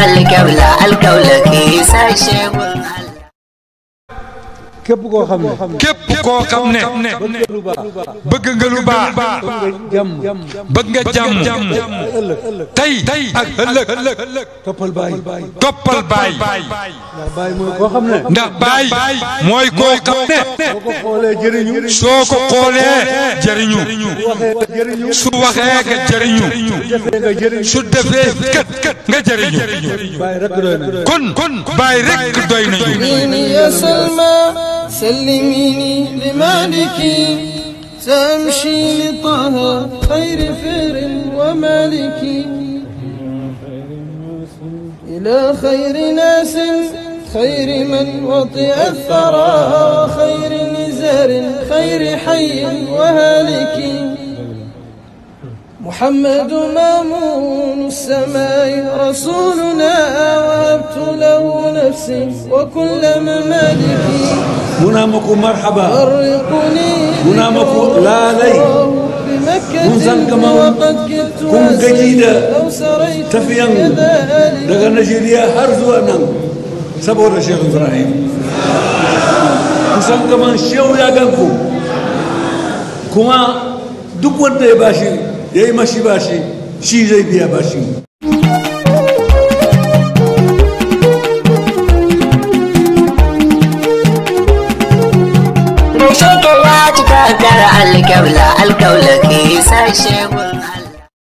alƙaula alkaula ke sashe gun képp koo xam ne képp koo xam ne bëgg nga lu baax bëgg nga jàmm tey ak ëllëg toppal baay toppal baay ndax baay mooy koo xam ne soo ko xoolee jëriñu su waxee nga jëriñu su defee kët kët nga jëriñu kon kon baay rek doy nañu سلميني لمالكي سأمشي طه خير فر ومالكي إلى خير ناس خير من وطئ الثرى خير نزار خير حي وهالك محمد مامون السماء رسولنا وهبت له نفسي وكل ممالكي هنا مكو مرحبا هنا مكو لا لي زنك ما كم جديدة تفيان دقا نجيريا هرزو أنام سبور شيخ إبراهيم منزن كما شيو يا كما duk wanda ya يا ya yi mashi bashi shi zai biya cika kara alkaula alkaula ke sashe gun